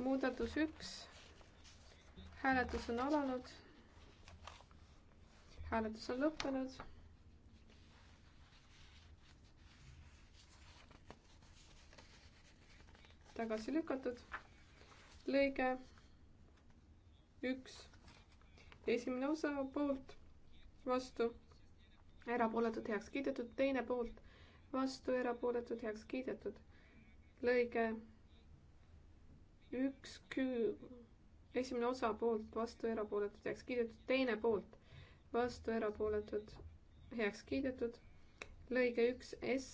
muudatus üks. hääletus on alanud. hääletus on lõppenud. tagasi lükatud. lõige üks, esimene osa poolt, vastu, erapooletud, heaks kiidetud, teine poolt, vastu, erapooletud, heaks kiidetud. lõige üks küü, esimene osa poolt, vastu, erapooletud, heaks kiidetud, teine poolt, vastu, erapooletud, heaks kiidetud. lõige üks S,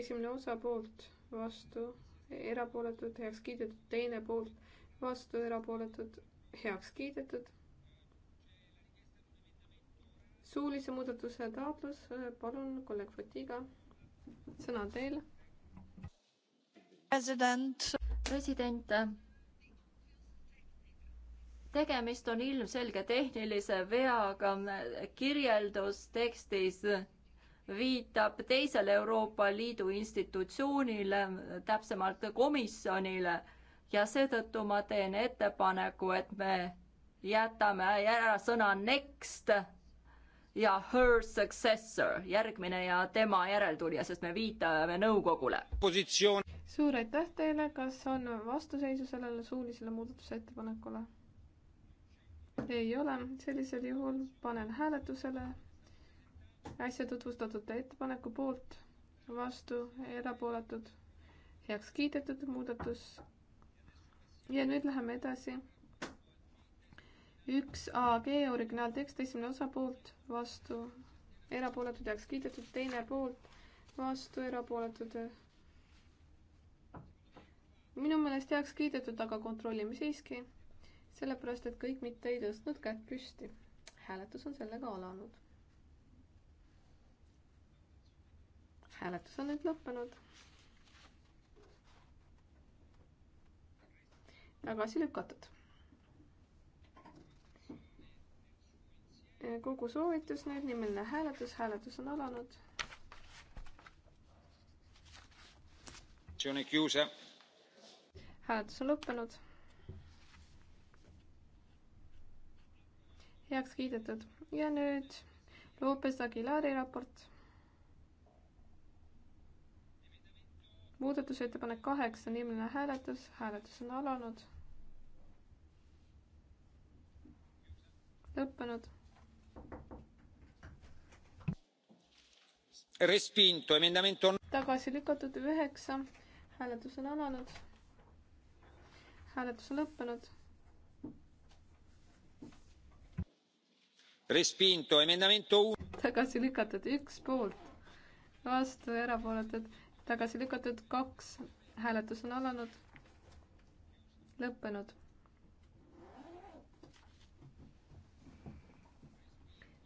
esimene osa poolt, vastu, erapooletud, heaks kiidetud, teine poolt, vastu, erapooletud, heaks kiidetud suulise muudatuse taotlus, palun, kolleeg Fotiga, sõna on teil. president. president tegemist on ilmselge tehnilise veaga, kirjeldus tekstis viitab teisele Euroopa Liidu institutsioonile, täpsemalt komisjonile ja seetõttu ma teen ettepaneku, et me jätame ära sõna next ja her successor, järgmine ja tema järeltulija, sest me viitame nõukogule. suur aitäh teile, kas on vastuseisu sellele suulisele muudatusettepanekule? ei ole, sellisel juhul panen hääletusele äsja tutvustatud ettepaneku poolt, vastu, erapooletud, heaks kiidetud muudatus. ja nüüd läheme edasi. üks AG originaaltekst, esimene osa poolt, vastu, erapooletud, heaks kiidetud, teine poolt, vastu, erapooletud. minu meelest heaks kiidetud, aga kontrollime siiski sellepärast, et kõik mitte ei tõstnud kätt püsti. hääletus on sellega alanud. hääletus on nüüd lõppenud. tagasi lükatud. kogu soovitus nüüd, nimeline hääletus, hääletus on alanud. hääletus on lõppenud heaks kiidetud. ja nüüd Lopez Aguilari raport. muudatusettepanek kaheksa, nimeline hääletus, hääletus on alanud. lõppenud. tagasi lükatud üheksa, hääletus on alanud. hääletus on lõppenud tagasi lükatud üks poolt, vastu erapooletud, tagasi lükatud kaks, hääletus on alanud, lõppenud.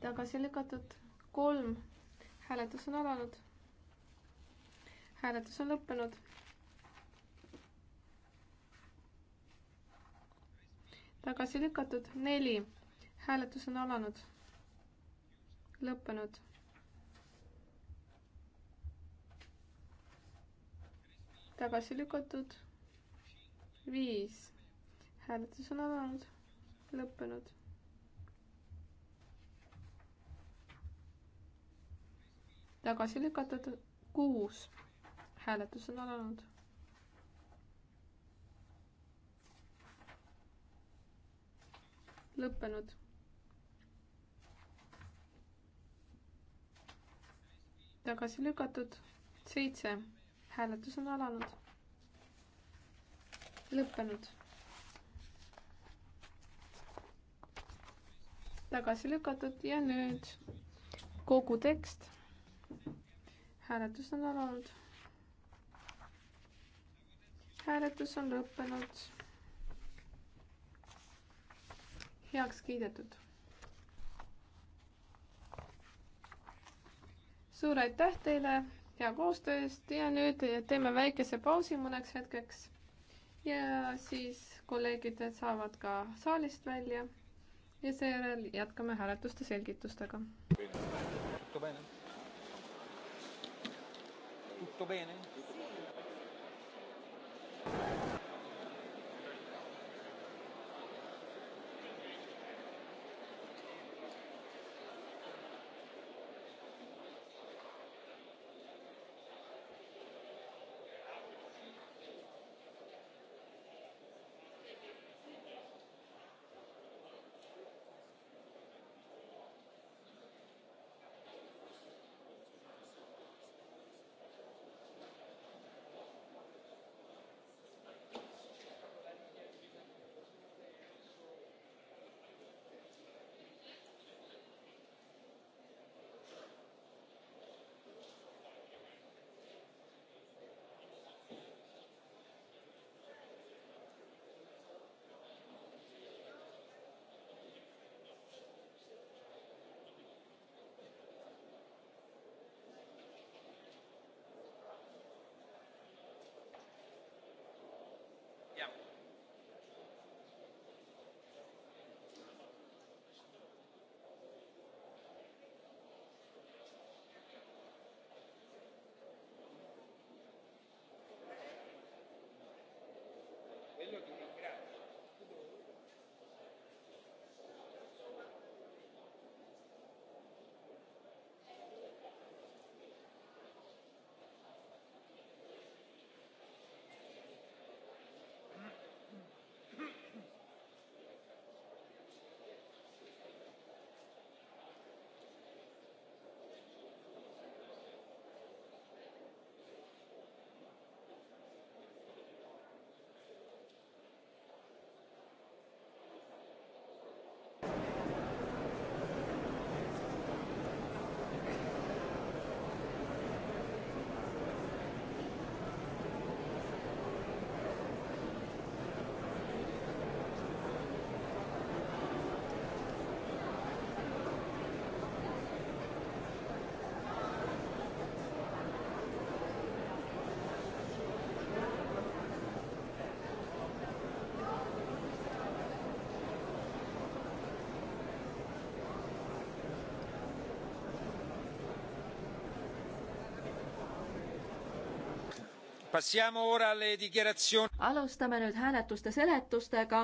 tagasi lükatud kolm, hääletus on alanud, hääletus on lõppenud. tagasi lükatud neli hääletus on alanud, lõppenud. tagasi lükatud, viis, hääletus on alanud, lõppenud. tagasi lükatud, kuus, hääletus on alanud lõppenud tagasi lükatud. seitse, hääletus on alanud. lõppenud. tagasi lükatud ja nüüd kogu tekst. hääletus on alanud. hääletus on lõppenud. heaks kiidetud suur aitäh teile hea koostöö eest ja nüüd teeme väikese pausi mõneks hetkeks. ja siis kolleegid saavad ka saalist välja ja seejärel jätkame hääletuste selgitustega. Tutto bene? alustame nüüd hääletuste seletustega.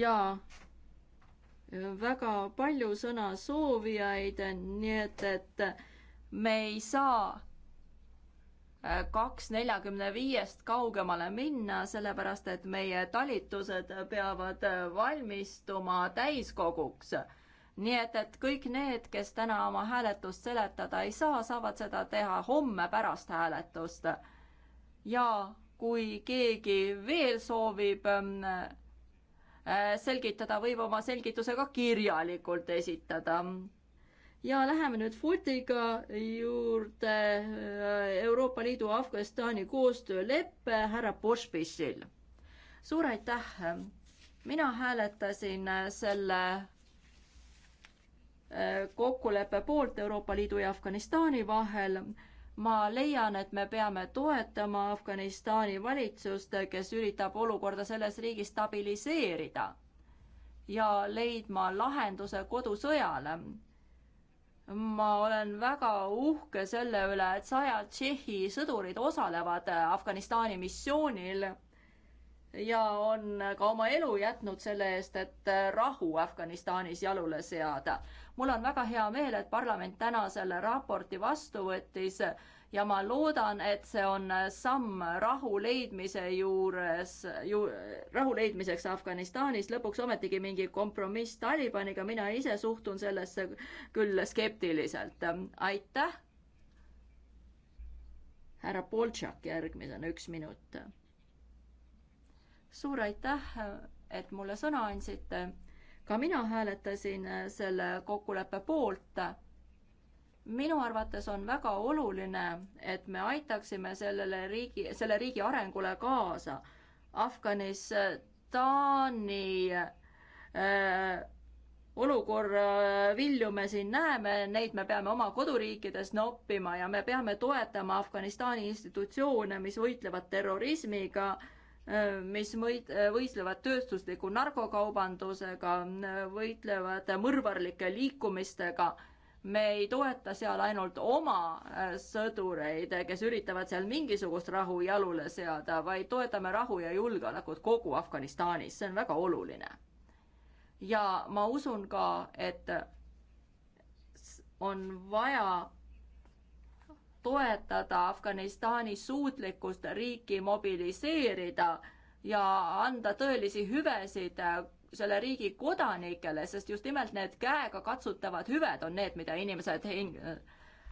ja väga palju sõnasoovijaid, nii et, et me ei saa äh, kaks neljakümne viiest kaugemale minna, sellepärast et meie talitused peavad äh, valmistuma täiskoguks nii et, et kõik need, kes täna oma hääletust seletada ei saa, saavad seda teha homme pärast hääletust. ja kui keegi veel soovib ähm, äh, selgitada, võib oma selgituse ka kirjalikult esitada. ja läheme nüüd Futiga juurde äh, Euroopa Liidu Afganistani koostööleppe härra Pošpišil. suur aitäh! mina hääletasin äh, selle kokkuleppe poolt Euroopa Liidu ja Afganistani vahel. ma leian, et me peame toetama Afganistani valitsust, kes üritab olukorda selles riigis stabiliseerida ja leidma lahenduse kodusõjale. ma olen väga uhke selle üle, et sajad Tšehhi sõdurid osalevad Afganistani missioonil ja on ka oma elu jätnud selle eest, et rahu Afganistanis jalule seada mul on väga hea meel, et parlament täna selle raporti vastu võttis ja ma loodan, et see on samm rahu leidmise juures ju,, rahu leidmiseks Afganistanis, lõpuks ometigi mingi kompromiss Talibaniga, mina ise suhtun sellesse küll skeptiliselt. aitäh. härra Boltšak, järgmisena üks minut. suur aitäh, et mulle sõna andsite ka mina hääletasin äh, selle kokkuleppe poolt. minu arvates on väga oluline, et me aitaksime sellele riigi, selle riigi arengule kaasa. Afganistani äh, olukorra vilju me siin näeme, neid me peame oma koduriikides noppima ja me peame toetama Afganistani institutsioone, mis võitlevad terrorismiga äh, Äh, mis võid, äh, võistlevad tööstusliku narkokaubandusega, äh, võitlevad mõrvarlike liikumistega. me ei toeta seal ainult oma sõdureid, kes üritavad seal mingisugust rahu jalule seada, vaid toetame rahu ja julgeolekut kogu Afganistanis, see on väga oluline. ja ma usun ka, et on vaja toetada Afganistani suutlikkust riiki mobiliseerida ja anda tõelisi hüvesid äh, selle riigi kodanikele, sest just nimelt need käegakatsutavad hüved on need, mida inimesed hing-,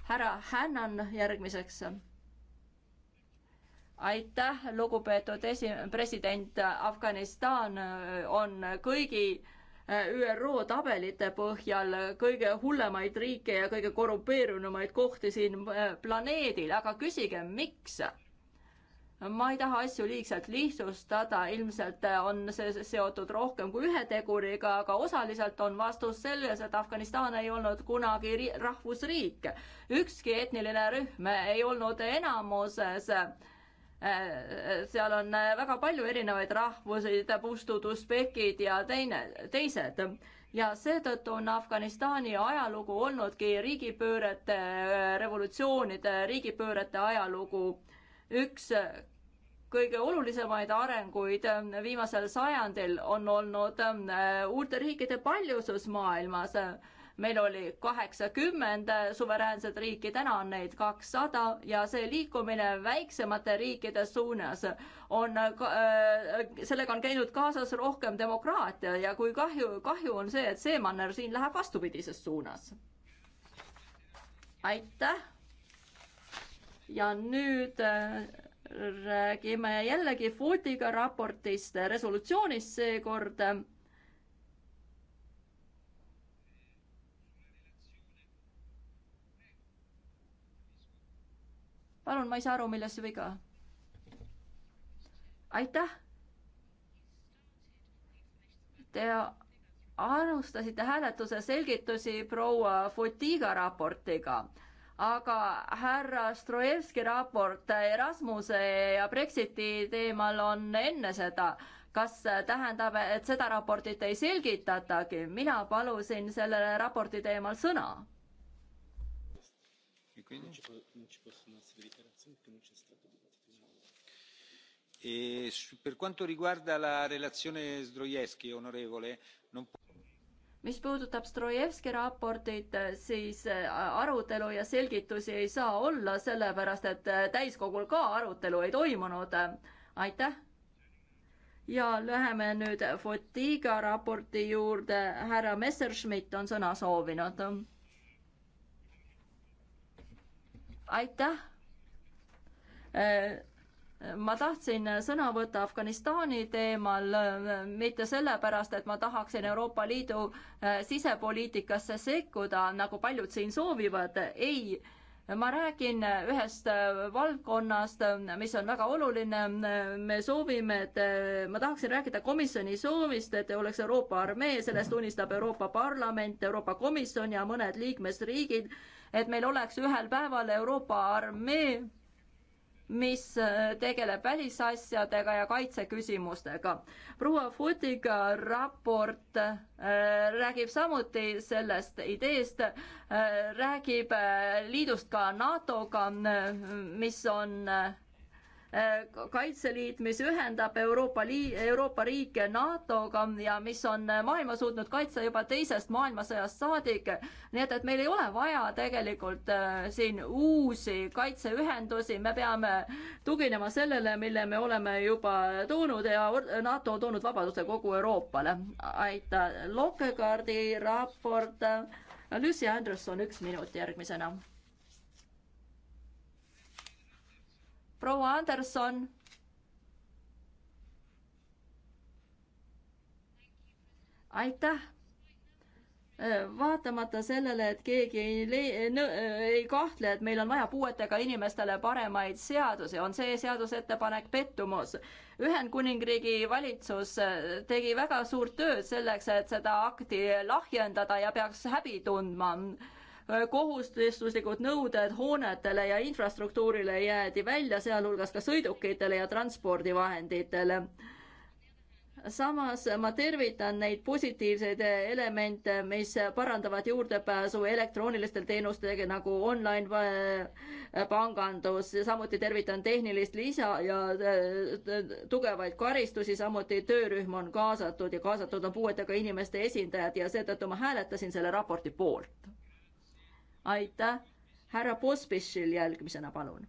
härra Hännan järgmiseks. aitäh, lugupeetud esi-, president, Afganistan äh, on kõigi ÜRO tabelite põhjal kõige hullemaid riike ja kõige korrumpeerunumaid kohti siin äh, planeedil, aga küsige, miks? ma ei taha asju liigselt lihtsustada, ilmselt äh, on see seotud rohkem kui ühe teguriga, aga osaliselt on vastus selles, et Afganistan ei olnud kunagi rahvusriik. ükski etniline rühm ei olnud enamuses seal on äh, väga palju erinevaid rahvusi, tabuštud, usbekid ja teine, teised. ja seetõttu on Afganistani ajalugu olnudki riigipöörete, äh, revolutsioonide, riigipöörete ajalugu üks äh, kõige olulisemaid arenguid viimasel sajandil on olnud uute riikide paljusus maailmas meil oli kaheksakümmend suveräänset riiki, täna on neid kakssada ja see liikumine väiksemate riikide suunas on, äh, sellega on käinud kaasas rohkem demokraatia ja kui kahju, kahju on see, et see manner siin läheb vastupidises suunas. aitäh. ja nüüd äh, räägime jällegi Footiga raportist, resolutsioonist seekord palun, ma ei saa aru, milles viga. aitäh. Te alustasite hääletuse selgitusi proua Fotiga raportiga, aga härra Strojevski raport Erasmuse ja Brexiti teemal on enne seda kas tähendab, et seda raportit ei selgitatagi, mina palusin sellele raporti teemal sõna. E per quanto riguarda la relazione Zdrojevski, onorevole, non mis puudutab Strojevski raportit, eh, siis eh, arutelu ja selgitusi ei saa olla, sellepärast et eh, täiskogul ka arutelu ei toimunud. aitäh. ja läheme nüüd Fotiga raporti juurde. härra Messerschmidt on sõna soovinud. aitäh ma tahtsin sõna võtta Afganistani teemal mitte sellepärast, et ma tahaksin Euroopa Liidu äh, sisepoliitikasse sekkuda, nagu paljud siin soovivad, ei. ma räägin ühest äh, valdkonnast, mis on väga oluline, me soovime, et, äh, ma tahaksin rääkida komisjoni soovist, et oleks Euroopa armee, sellest unistab Euroopa Parlament, Euroopa Komisjon ja mõned liikmesriigid, et meil oleks ühel päeval Euroopa armee mis äh, tegeleb välisasjadega ja kaitseküsimustega. proua Futiga raport äh, räägib samuti sellest ideest äh,, räägib äh, liidust ka NATO-ga, äh, mis on äh, Äh, kaitseliit, mis ühendab Euroopa Liit, Euroopa riike NATO-ga ja mis on maailma suutnud kaitsta juba teisest maailmasõjast saadik. nii et, et meil ei ole vaja tegelikult äh, siin uusi kaitseühendusi, me peame tuginema sellele, mille me oleme juba toonud ja NATO on toonud vabaduse kogu Euroopale. aitäh, Lokkekaardi raport. Lucy Anderson, üks minut järgmisena proua Anderson. aitäh vaatamata sellele, et keegi ei, ei kahtle, et meil on vaja puuetega inimestele paremaid seadusi, on see seadusettepanek pettumus. Ühendkuningriigi valitsus äh, tegi väga suurt tööd selleks, et seda akti lahjendada ja peaks häbi tundma Äh, kohustuslikud nõuded hoonetele ja infrastruktuurile jäeti välja, sealhulgas ka sõidukitele ja transpordivahenditele. samas ma tervitan neid positiivseid elemente, mis parandavad juurdepääsu elektroonilistel teenustel nagu online äh, pangandus, samuti tervitan tehnilist lisa ja äh, tugevaid karistusi, samuti töörühm on kaasatud ja kaasatud on puuetega inimeste esindajad ja seetõttu ma hääletasin selle raporti poolt aitäh, härra Pospišil järgmisena, palun.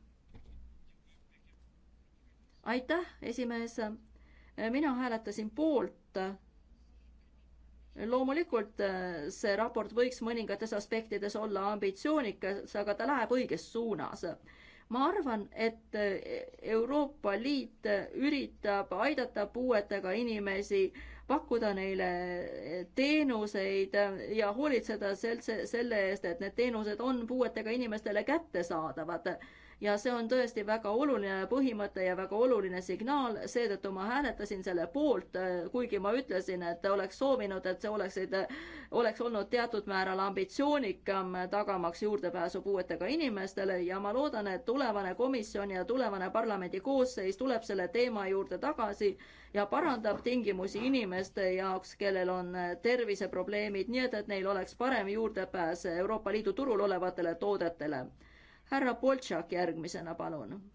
aitäh, esimees. mina hääletasin poolt. loomulikult see raport võiks mõningates aspektides olla ambitsioonikas, aga ta läheb õiges suunas ma arvan, et Euroopa Liit üritab aidata puuetega inimesi pakkuda neile teenuseid ja hoolitseda sel-, selle eest, et need teenused on puuetega inimestele kättesaadavad ja see on tõesti väga oluline põhimõte ja väga oluline signaal, seetõttu ma hääletasin selle poolt, äh, kuigi ma ütlesin, et oleks soovinud, et see oleksid, oleks olnud teatud määral ambitsioonikam, tagamaks juurdepääsu puuetega inimestele ja ma loodan, et tulevane komisjon ja tulevane parlamendi koosseis tuleb selle teema juurde tagasi ja parandab tingimusi inimeste jaoks, kellel on äh, terviseprobleemid, nii et, et neil oleks parem juurdepääs Euroopa Liidu turul olevatele toodetele härra Boltšak järgmisena, palun.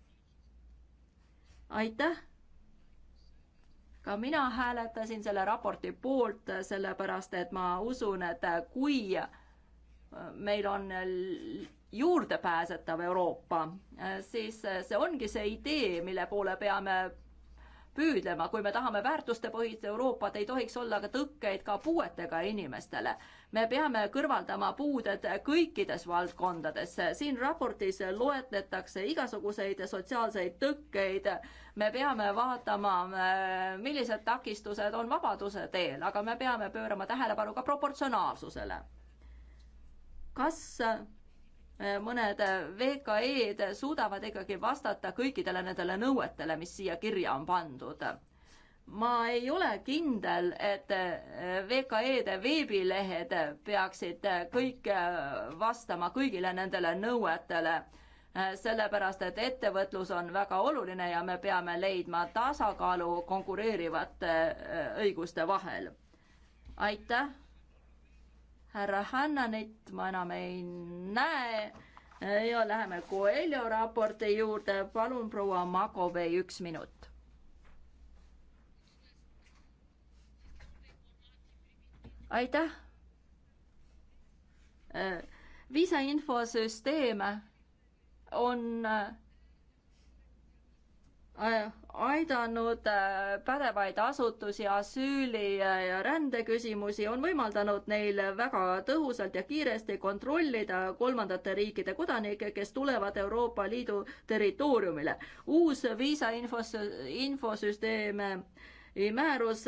aitäh. ka mina hääletasin selle raporti poolt, sellepärast et ma usun, et kui meil on juurdepääsetav Euroopa, siis see ongi see idee, mille poole peame püüdlema, kui me tahame väärtustepõhist Euroopat, ei tohiks olla ka tõkkeid ka puuetega inimestele. me peame kõrvaldama puuded kõikides valdkondades, siin raportis loetletakse igasuguseid sotsiaalseid tõkkeid, me peame vaatama, millised takistused on vabaduse teel, aga me peame pöörama tähelepanu ka proportsionaalsusele. kas Äh, mõned äh, VKE-d suudavad ikkagi vastata kõikidele nendele nõuetele, mis siia kirja on pandud. ma ei ole kindel, et äh, VKE-de veebilehed peaksid kõik vastama kõigile nendele nõuetele, sellepärast et ettevõtlus on väga oluline ja me peame leidma tasakaalu konkureerivate õiguste vahel. aitäh härra Hannanit ma enam ei näe. ja läheme Coelho raporti juurde, palun proua Makovei, üks minut. aitäh. Äh, viisa infosüsteem on äh, aidanud äh, pädevaid asutusi asüüli äh, ja rändeküsimusi, on võimaldanud neil väga tõhusalt ja kiiresti kontrollida kolmandate riikide kodanikke, kes tulevad Euroopa Liidu territooriumile. uus viisa infos, infosüsteem äh, määrus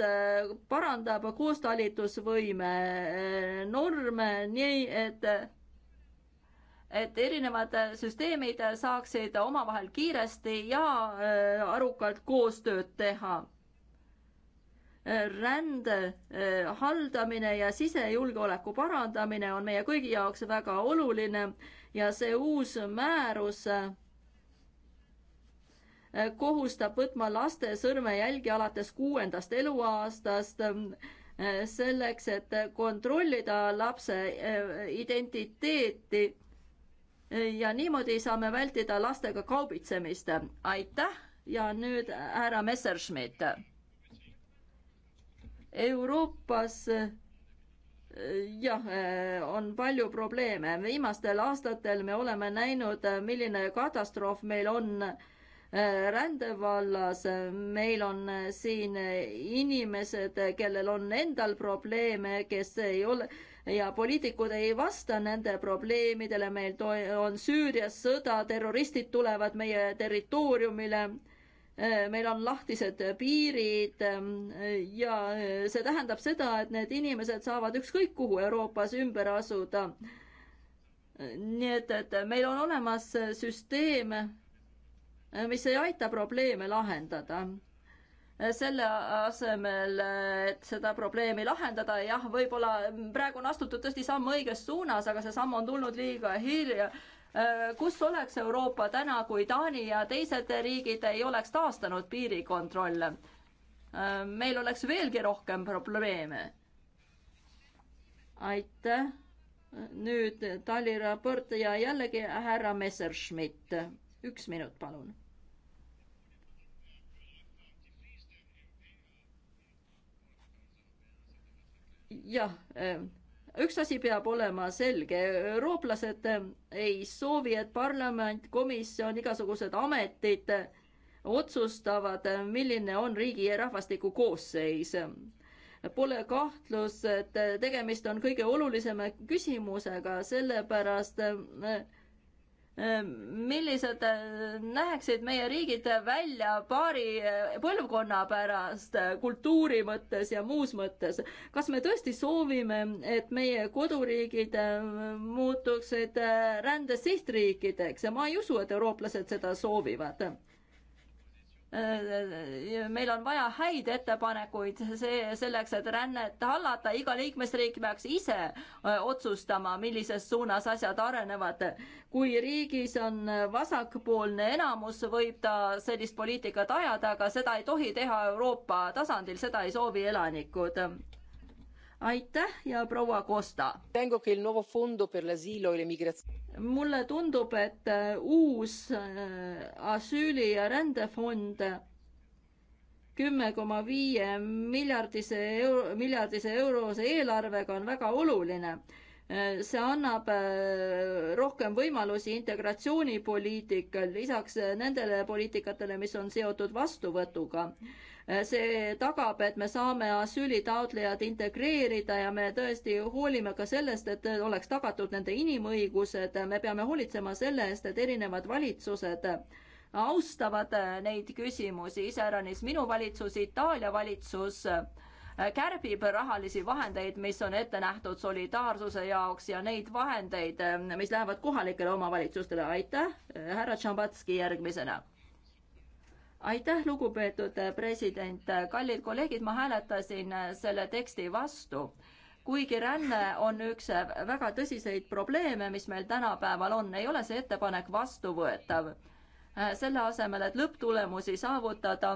parandab koostalitusvõime norme, nii et et erinevad süsteemid saaksid omavahel kiiresti ja äh, arukalt koostööd teha rände äh, haldamine ja sisejulgeoleku parandamine on meie kõigi jaoks väga oluline ja see uus määrus äh, kohustab võtma laste sõrmejälgi alates kuuendast eluaastast selleks, et kontrollida lapse identiteeti ja niimoodi saame vältida lastega kaubitsemist. aitäh ja nüüd härra Messerschmidt. Euroopas eh, jah, eh, on palju probleeme, viimastel aastatel me oleme näinud, eh, milline katastroof meil on äh, rändevallas. meil on siin inimesed, kellel on endal probleeme, kes ei ole ja poliitikud ei vasta nende probleemidele, meil on Süürias sõda, terroristid tulevad meie territooriumile meil on lahtised piirid ja see tähendab seda, et need inimesed saavad ükskõik kuhu Euroopas ümber asuda. nii et, et meil on olemas süsteem Äh, mis ei aita probleeme lahendada äh, selle asemel, et seda probleemi lahendada, jah, võib-olla praegu on astutud tõesti samm õiges suunas, aga see samm on tulnud liiga hilja. Äh, kus oleks Euroopa täna, kui Taani ja teised riigid ei oleks taastanud piirikontrolle? meil oleks veelgi rohkem probleeme. aitäh. nüüd Tali raport ja jällegi härra Messerschmidt üks minut, palun. jah, ähm, üks asi peab olema selge, eurooplased ähm, ei soovi, et parlament, komisjon, igasugused ametid äh, otsustavad, äh, milline on riigi ja rahvastiku koosseis pole kahtlus, et äh, tegemist on kõige olulisema küsimusega, sellepärast millised äh, näeksid meie riigid välja paari äh, põlvkonna pärast äh, kultuuri mõttes ja muus mõttes. kas me tõesti soovime, et meie koduriigid muutuksid rände sihtriikideks ja ma ei usu, et eurooplased seda soovivad Äh, meil on vaja häid ettepanekuid see, selleks, et rännet hallata, iga liikmesriik peaks ise äh, otsustama, millises suunas asjad arenevad. kui riigis on vasakpoolne enamus, võib ta sellist poliitikat ajada, aga seda ei tohi teha Euroopa tasandil, seda ei soovi elanikud aitäh ja proua Costa. E mulle tundub, et äh, uus äh, asüüli ja rändefond kümme koma viie miljardise euro, miljardise eurose eelarvega on väga oluline. Äh, see annab rohkem võimalusi integratsioonipoliitikal, lisaks nendele poliitikatele, mis on seotud vastuvõtuga Äh, see tagab, et me saame asüülitaotlejad integreerida ja me tõesti hoolime ka sellest, et oleks tagatud nende inimõigused, me peame hoolitsema selle eest, et erinevad valitsused austavad äh, neid küsimusi, iseäranis minu valitsus, Itaalia valitsus äh, kärbib rahalisi vahendeid, mis on ette nähtud solidaarsuse jaoks ja neid vahendeid, mis lähevad kohalikele omavalitsustele. aitäh, härra Tšambatski järgmisena aitäh, lugupeetud president, kallid kolleegid, ma hääletasin selle teksti vastu kuigi ränne on üks väga tõsiseid probleeme, mis meil tänapäeval on, ei ole see ettepanek vastuvõetav. selle asemel, et lõpptulemusi saavutada,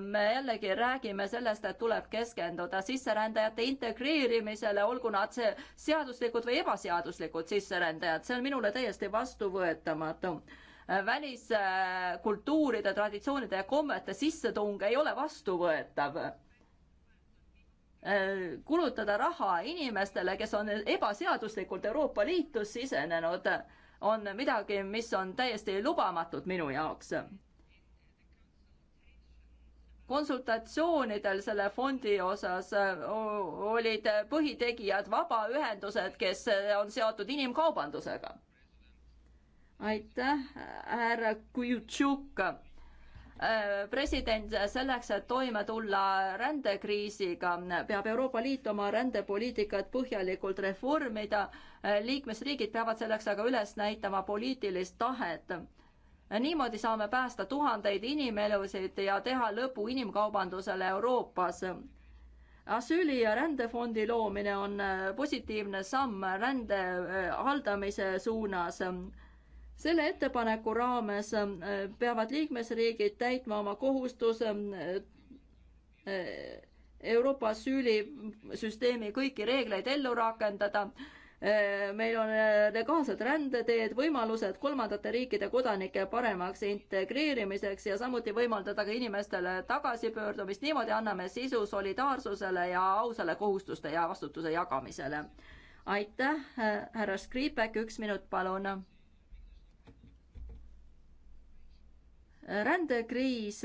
me jällegi räägime sellest, et tuleb keskenduda sisserändajate integreerimisele, olgu nad see seaduslikud või ebaseaduslikud sisserändajad, see on minule täiesti vastuvõetamatu väliskultuuride, traditsioonide ja kommete sissetung ei ole vastuvõetav. kulutada raha inimestele, kes on ebaseaduslikult Euroopa Liitu sisenenud, on midagi, mis on täiesti lubamatud minu jaoks. konsultatsioonidel selle fondi osas äh, olid põhitegijad vabaühendused, kes äh, on seotud inimkaubandusega aitäh, härra Kujutšuk. Äh, president, selleks, et toime tulla rändekriisiga, peab Euroopa Liit oma rändepoliitikat põhjalikult reformida. Äh, liikmesriigid peavad selleks aga üles näitama poliitilist tahet niimoodi saame päästa tuhandeid inimelusid ja teha lõpu inimkaubandusele Euroopas asüüli ja rändefondi loomine on äh, positiivne samm rände haldamise suunas selle ettepaneku raames äh, peavad liikmesriigid täitma oma kohustuse äh, äh, Euroopa asüülisüsteemi kõiki reegleid ellu rakendada. meil on legaalsed rändeteed, võimalused kolmandate riikide kodanike paremaks integreerimiseks ja samuti võimaldada ka inimestele tagasipöördumist. niimoodi anname sisu solidaarsusele ja ausale kohustuste ja vastutuse jagamisele. aitäh, härra Skripek, üks minut, palun rändekriis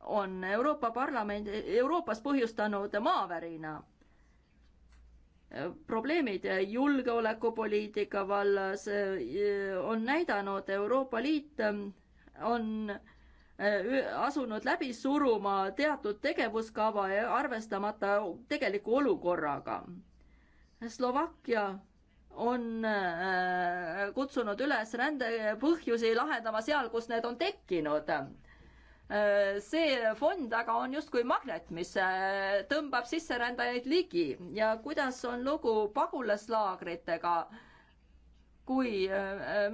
on Euroopa Parlamendi, Euroopas põhjustanud maavärina probleemid julgeolekupoliitika vallas eh, on näidanud, Euroopa Liit eh, on eh, asunud läbi suruma teatud tegevuskava ja arvestamata tegeliku olukorraga. Slovakkia on äh, kutsunud üles rändepõhjusi lahendama seal, kus need on tekkinud. Äh, see fond aga on justkui magnet, mis äh, tõmbab sisserändajaid ligi ja kuidas on lugu pagulaslaagritega? kui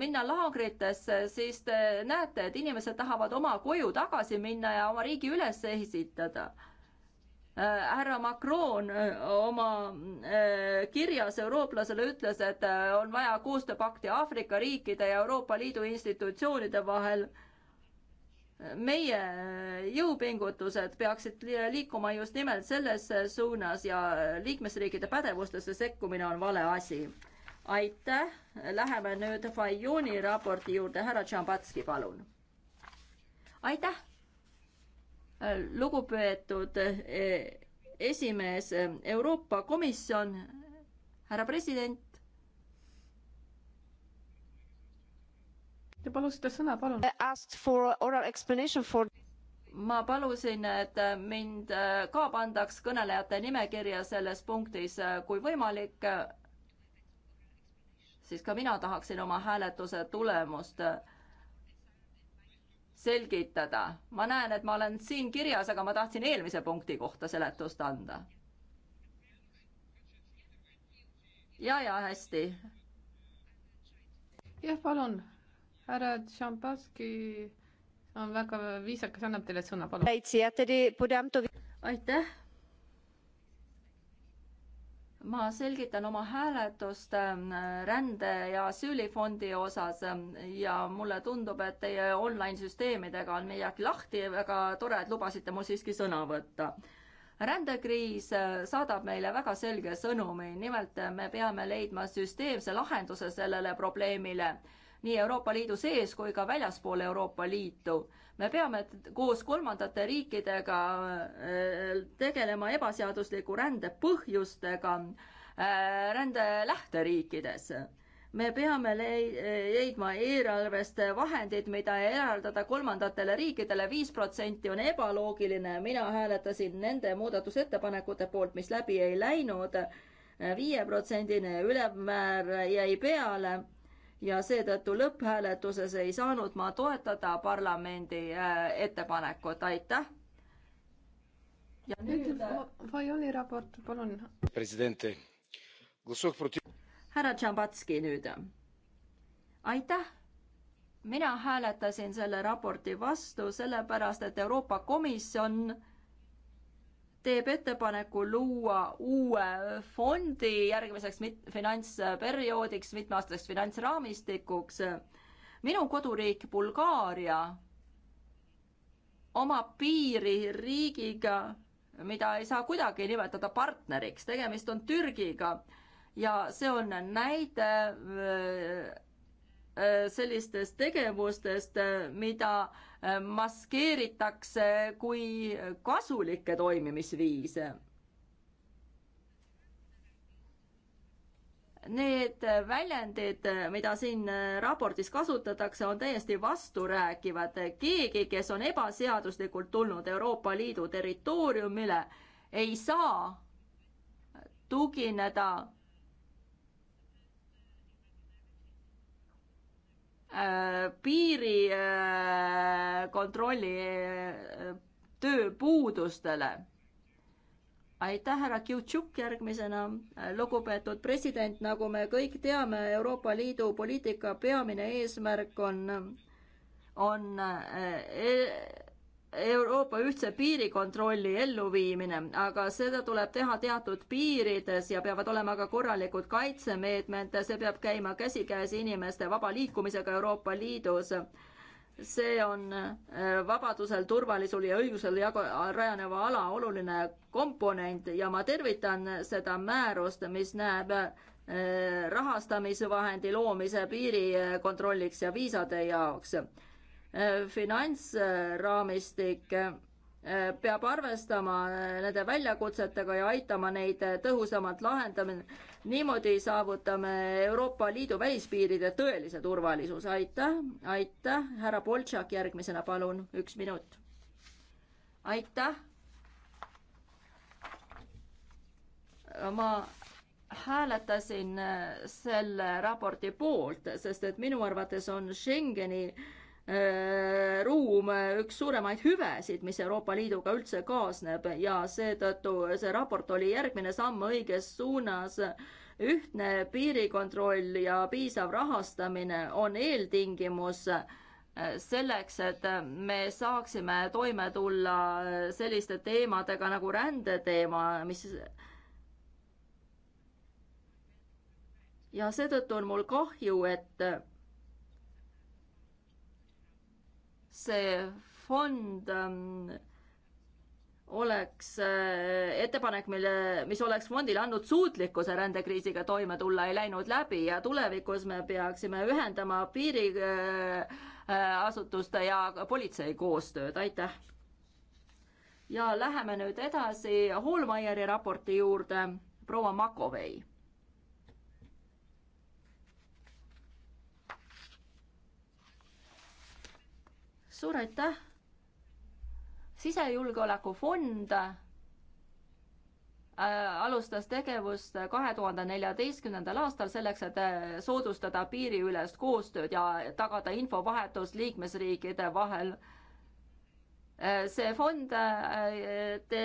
minna laagritesse, siis te näete, et inimesed tahavad oma koju tagasi minna ja oma riigi üles esitada Äh, härra Macron äh, oma äh, kirjas eurooplasele ütles, et on vaja koostööpakti Aafrika riikide ja Euroopa Liidu institutsioonide vahel. meie jõupingutused peaksid liikuma just nimelt selles suunas ja liikmesriikide pädevustesse sekkumine on vale asi. aitäh, läheme nüüd Fajuni raporti juurde, härra Tšambatski, palun. aitäh lugupeetud e, esimees, e, Euroopa Komisjon, härra president. Te palusite sõna, palun. For... ma palusin, et mind e, ka pandaks kõnelejate nimekirja selles punktis, kui võimalik, siis ka mina tahaksin oma hääletuse tulemust selgitada. ma näen, et ma olen siin kirjas, aga ma tahtsin eelmise punkti kohta seletust anda. ja, ja hästi. jah, palun, härra Tšambaski on väga viisakas, annab teile sõna, palun. aitäh ma selgitan oma hääletust ähm, rände- ja asüülifondi osas ähm, ja mulle tundub, et teie online süsteemidega on midagi lahti, väga tore, et lubasite mul siiski sõna võtta. rändekriis äh, saadab meile väga selge sõnumi, nimelt äh, me peame leidma süsteemse lahenduse sellele probleemile nii Euroopa Liidu sees kui ka väljaspool Euroopa Liitu. me peame koos kolmandate riikidega äh, tegelema ebaseadusliku rände põhjustega äh, rände lähteriikides me peame leidma eelarvest vahendid, mida eraldada kolmandatele riikidele, viis protsenti on ebaloogiline, mina hääletasin nende muudatusettepanekute poolt, mis läbi ei läinud, viieprotsendine ülemmäär jäi peale ja seetõttu lõpphääletuses ei saanud ma toetada parlamendi äh, ettepanekut, aitäh. ja nüüd. Äh, Vajoli raport, palun. härra Tšambatski nüüd. aitäh. mina hääletasin selle raporti vastu sellepärast, et Euroopa Komisjon teeb ettepaneku luua uue fondi järgmiseks mit-, finantsperioodiks, mitmeaastaseks finantsraamistikuks. minu koduriik Bulgaaria omab piiri riigiga, mida ei saa kuidagi nimetada partneriks, tegemist on Türgiga ja see on näide äh, äh, sellistest tegevustest, äh, mida maskeeritakse kui kasulikke toimimisviise. Need väljendid, mida siin raportis kasutatakse, on täiesti vasturääkivad. keegi, kes on ebaseaduslikult tulnud Euroopa Liidu territooriumile, ei saa tugineda Äh, piirikontrolli äh, äh, tööpuudustele. aitäh, härra Kiutšuk, järgmisena. lugupeetud president, nagu me kõik teame, Euroopa Liidu poliitika peamine eesmärk on, on e Euroopa ühtse piirikontrolli elluviimine, aga seda tuleb teha teatud piirides ja peavad olema ka korralikud kaitsemeetmed, see peab käima käsikäes inimeste vaba liikumisega Euroopa Liidus. see on äh, vabadusel, turvalisul ja õigusel jagu-, rajaneva ala oluline komponent ja ma tervitan seda määrust, mis näeb äh, rahastamisvahendi loomise piirikontrolliks ja viisade jaoks Äh, finantsraamistik äh, peab arvestama äh, nende väljakutsetega ja aitama neid tõhusamalt lahendama. niimoodi saavutame Euroopa Liidu välispiiride tõelise turvalisuse. aitäh, aitäh, härra Boltšak, järgmisena palun üks minut. aitäh. ma hääletasin selle raporti poolt, sest et minu arvates on Schengeni äh, Äh, ruum äh, üks suuremaid hüvesid, mis Euroopa Liiduga üldse kaasneb ja seetõttu see raport oli järgmine samm õiges suunas. ühtne piirikontroll ja piisav rahastamine on eeltingimus äh, selleks, et me saaksime toime tulla selliste teemadega nagu rändeteema, mis ja seetõttu on mul kahju, et see fond ähm, oleks äh, ettepanek, mille, mis oleks fondile andnud suutlikkuse rändekriisiga toime tulla, ei läinud läbi ja tulevikus me peaksime ühendama piiriasutuste äh, äh, ja politsei koostööd, aitäh. ja läheme nüüd edasi Holmeieri raporti juurde, proua Makovei suur aitäh! sisejulgeolekufond äh, alustas tegevust kahe tuhande neljateistkümnendal aastal selleks, et äh, soodustada piiriülest koostööd ja tagada infovahetus liikmesriikide vahel. Äh, see fond te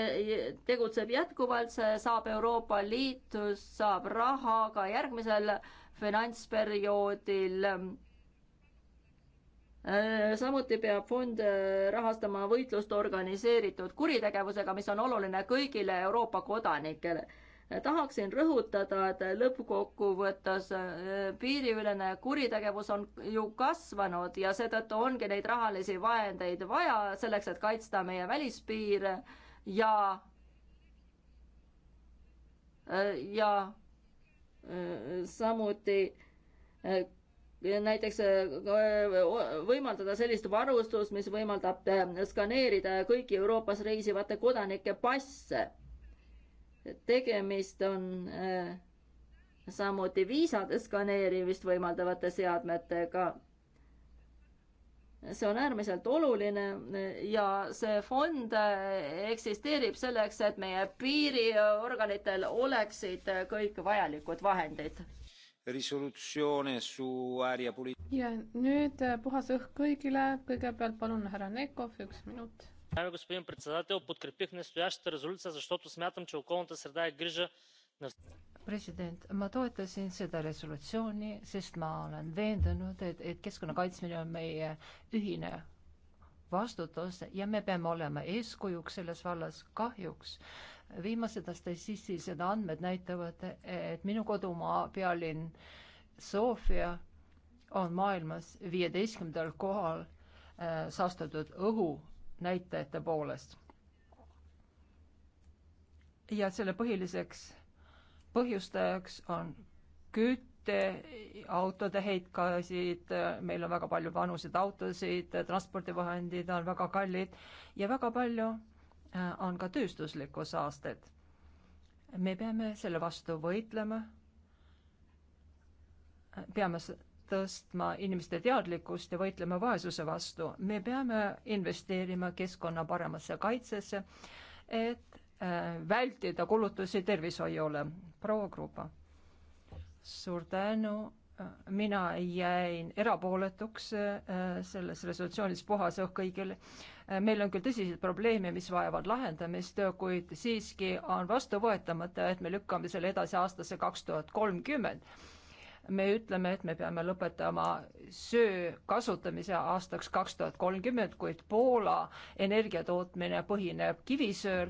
tegutseb jätkuvalt, see saab Euroopa Liitust, saab raha ka järgmisel finantsperioodil Äh, samuti peab fond äh, rahastama võitlust organiseeritud kuritegevusega, mis on oluline kõigile Euroopa kodanikele. Äh, tahaksin rõhutada, et lõppkokkuvõttes piiriülene kuritegevus on ju kasvanud ja seetõttu ongi neid rahalisi vahendeid vaja selleks, et kaitsta meie välispiire ja ja samuti näiteks äh, võimaldada sellist varustust, mis võimaldab äh, skaneerida kõiki Euroopas reisivate kodanike passe. tegemist on äh, samuti viisade skaneerimist võimaldavate seadmetega. see on äärmiselt oluline ja see fond eksisteerib selleks, et meie piiriorganitel oleksid kõik vajalikud vahendid ja nüüd äh, puhas õhk kõigile, kõigepealt palun härra Nekov, üks minut. господин председател, подкрепих настоящата резолюция, защото смятам, че околната среда е грижа на president, ma toetasin seda resolutsiooni, sest ma olen veendunud, et, et keskkonna kaitsmine on meie ühine vastutus ja me peame olema eeskujuks selles vallas. kahjuks äh, viimased statistilised andmed näitavad, et minu kodumaa pealinn Sofia on maailmas viieteistkümnendal kohal äh, saastatud õhu näitajate poolest. ja selle põhiliseks põhjustajaks on küte, autode heitgaasid, meil on väga palju vanuseid autosid, transpordivahendid on väga kallid ja väga palju Äh, on ka tööstuslikku saastet. me peame selle vastu võitlema. Äh, peame tõstma inimeste teadlikkust ja võitlema vaesuse vastu. me peame investeerima keskkonna paremasse kaitsesse, et äh, vältida kulutusi tervishoiule. proua Krupa, suur tänu mina jäin erapooletuks äh, selles resolutsioonis puhas õhk kõigile. Äh, meil on küll tõsiseid probleeme, mis vajavad lahendamist, kuid siiski on vastuvõetamata, et me lükkame selle edasi aastasse kaks tuhat kolmkümmend. me ütleme, et me peame lõpetama söö kasutamise aastaks kaks tuhat kolmkümmend, kuid Poola energiatootmine põhineb kivisööl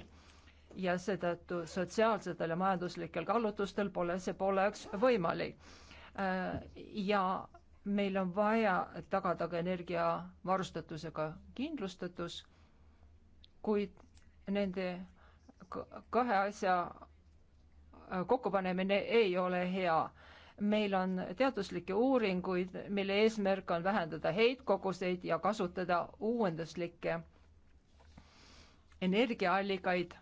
ja seetõttu sotsiaalsetel ja majanduslikel kaalutlustel pole see pooleks võimalik Äh, ja meil on vaja tagada ka energiavarustatusega kindlustatus, kuid nende kahe asja äh, kokkupanemine ei ole hea. meil on teaduslikke uuringuid, mille eesmärk on vähendada heitkoguseid ja kasutada uuenduslikke energiaallikaid äh,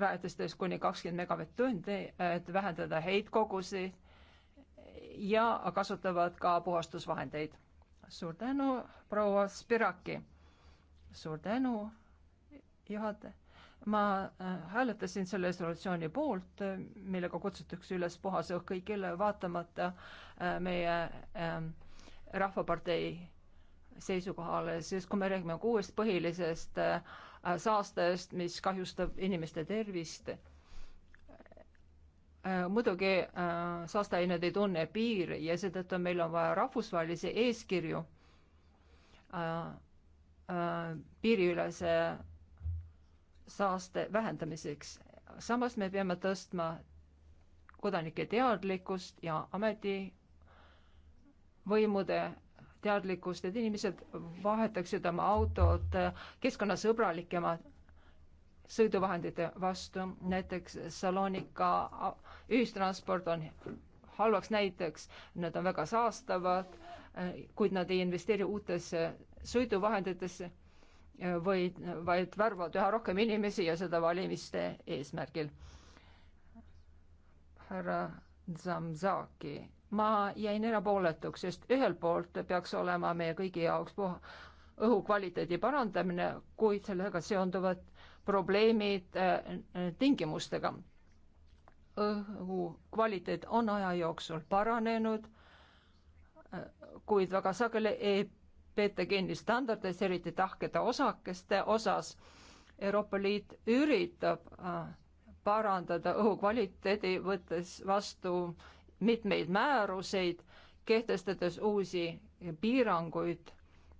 väetistes kuni kakskümmend megavatt-tundi, et vähendada heitkogusi ja kasutavad ka puhastusvahendeid. suur tänu, proua Spiraki. suur tänu, juhataja. ma äh, hääletasin selle resolutsiooni poolt, millega kutsutakse üles puhas õhk kõigile, vaatamata äh, meie ähm, Rahvapartei seisukohale, siis kui me räägime kuuest põhilisest äh, Äh, saastest, mis kahjustab inimeste tervist. Äh, muidugi äh, saasteained ei tunne piiri ja seetõttu meil on vaja rahvusvahelisi eeskirju piiriülese saaste vähendamiseks. samas me peame tõstma kodanike teadlikkust ja ametivõimude teadlikkust, et inimesed vahetaksid oma autod keskkonnasõbralikema sõiduvahendite vastu, näiteks Salonika ühistransport on halvaks näiteks, nad on väga saastavad, kuid nad ei investeeri uutesse sõiduvahenditesse või vaid värvavad üha rohkem inimesi ja seda valimiste eesmärgil. härra Zamzaki ma jäin erapooletuks, sest ühelt poolt peaks olema meie kõigi jaoks õhukvaliteedi parandamine, kuid sellega seonduvad probleemid äh, tingimustega. õhukvaliteet on aja jooksul paranenud, äh, kuid väga sageli ei peeta kinni standardis, eriti tahkede osakeste osas. Euroopa Liit üritab äh, parandada õhukvaliteedi, võttes vastu äh, mitmeid määruseid, kehtestades uusi piiranguid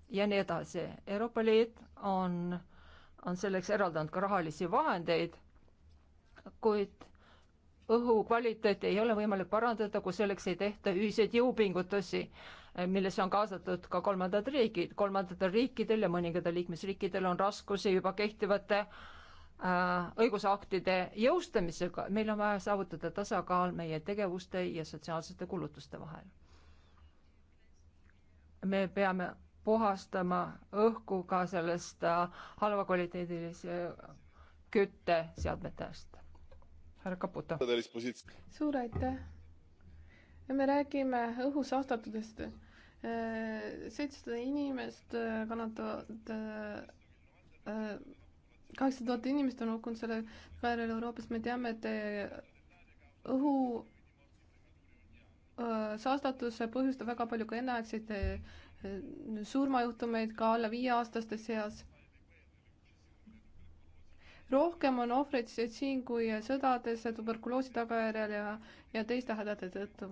ja nii edasi. Euroopa Liit on, on selleks eraldanud ka rahalisi vahendeid, kuid õhukvaliteeti ei ole võimalik parandada, kui selleks ei tehta ühiseid jõupingutusi, millesse on kaasatud ka kolmandad riigid. kolmandatel riikidel ja mõningatel liikmesriikidel on raskusi juba kehtivate äh, Äh, õigusaktide jõustamisega, meil on vaja saavutada tasakaal meie tegevuste ja sotsiaalsete kulutuste vahel. me peame puhastama õhku ka sellest äh, halva kvaliteedilise kütteseadmetest. härra Kaputa. suur aitäh. me räägime õhusaastatudest. Äh, seitsesada inimest kannatavad kaheksasada tuhat inimest on hukkunud sellel väärel Euroopas, me teame, et õhu saastatus põhjustab väga palju ka enneaegseid surmajuhtumeid ka alla viieaastaste seas. rohkem on ohvreid siin kui sõdades tuberkuloosi tagajärjel ja, ja teiste hädade tõttu.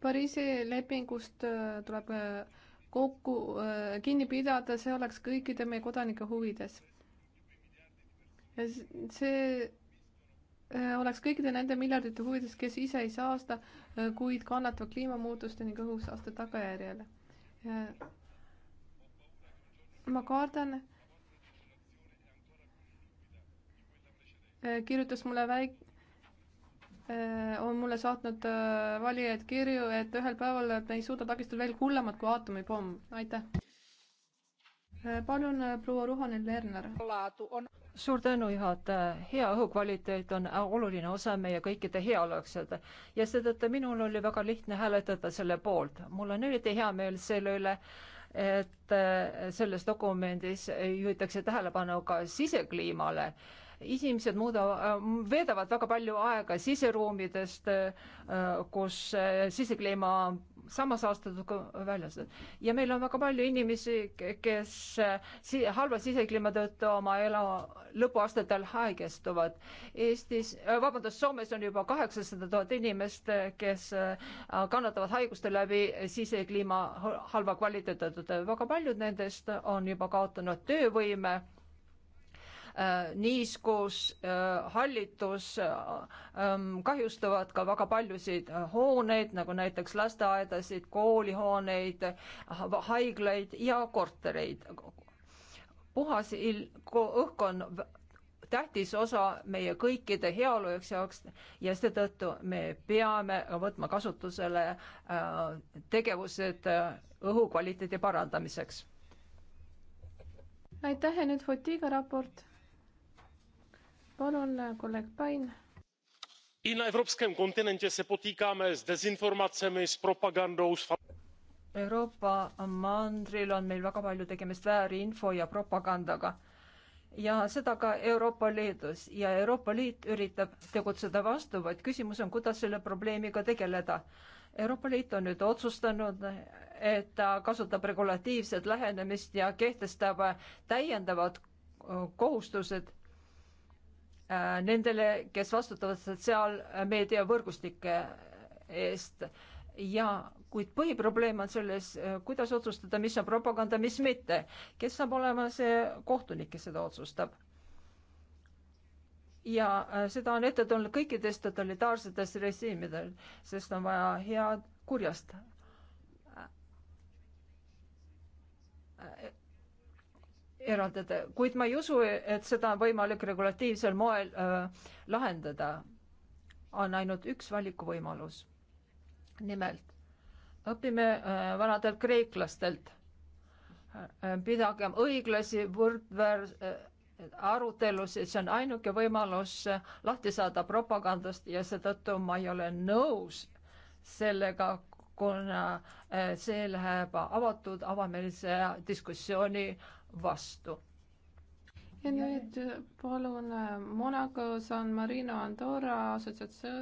Pariisi lepingust tuleb kokku äh, kinni pidada, see oleks kõikide meie kodanike huvides. ja see äh, oleks kõikide nende miljardite huvides, kes ise ei saasta, äh, kuid kannatavad kliimamuutuste ning õhusaaste tagajärjel. ma kardan, kirjutas mulle väik-, Äh, on mulle saatnud äh, valijaid kirju, et ühel päeval me ei suuda takistada veel hullemat kui aatomipomm. aitäh. Äh, palun, proua Ruhonen-Lerner. suur tänu, juhataja. hea õhukvaliteet on oluline osa meie kõikide heaoluksed ja seetõttu minul oli väga lihtne hääletada selle poolt. mul on eriti hea meel selle üle, et selles dokumendis juhitakse tähelepanu ka sisekliimale inimesed muuda-, äh, veedavad väga palju aega siseruumidest, äh, kus äh, sisekliima on sama saastatud kui väljas. ja meil on väga palju inimesi, kes si-, halva sisekliima tõttu oma elu lõpuaastatel haigestuvad. Eestis, vabandust, Soomes on juba kaheksasada tuhat inimest, kes kannatavad haiguste läbi sisekliima halva kvaliteedi tõttu. väga paljud nendest on juba kaotanud töövõime Äh, niiskus, äh, hallitus äh, ähm, kahjustavad ka väga paljusid hooneid, nagu näiteks lasteaedasid, koolihooneid, haiglaid ja kortereid. puhas il-, õhk on tähtis osa meie kõikide heaolu jaoks jaoks ja seetõttu me peame võtma kasutusele tegevused õhukvaliteedi parandamiseks. aitäh ja nüüd Fotiga raport palun, kolleeg Pain. I na evropském kontinentě se potýkáme s dezinformacemi, s propagandou, s Euroopa mandril on meil väga palju tegemist väärinfo ja propagandaga ja seda ka Euroopa Liidus ja Euroopa Liit üritab tegutseda vastu, vaid küsimus on, kuidas selle probleemiga tegeleda. Euroopa Liit on nüüd otsustanud, et ta kasutab regulatiivset lähenemist ja kehtestab täiendavad kohustused Äh, nendele, kes vastutavad sotsiaalmeedia võrgustike eest ja kuid põhiprobleem on selles, äh, kuidas otsustada, mis on propaganda, mis mitte. kes saab olema see kohtunik, kes seda otsustab? ja äh, seda on ette tulnud kõikides totalitaarsetes režiimidel, sest on vaja head kurjast eraldada, kuid ma ei usu, et seda on võimalik regulatiivsel moel äh, lahendada. on ainult üks valikuvõimalus. nimelt õpime äh, vanadelt kreeklastelt äh,. pidagem õiglasi võrdväär- äh,, arutelusid, see on ainuke võimalus äh, lahti saada propagandast ja seetõttu ma ei ole nõus sellega, kuna äh, see läheb avatud avameelse diskussiooni äh, vastu. ja nüüd palun Monaco, San Marino, Andorra assotsiatsioon.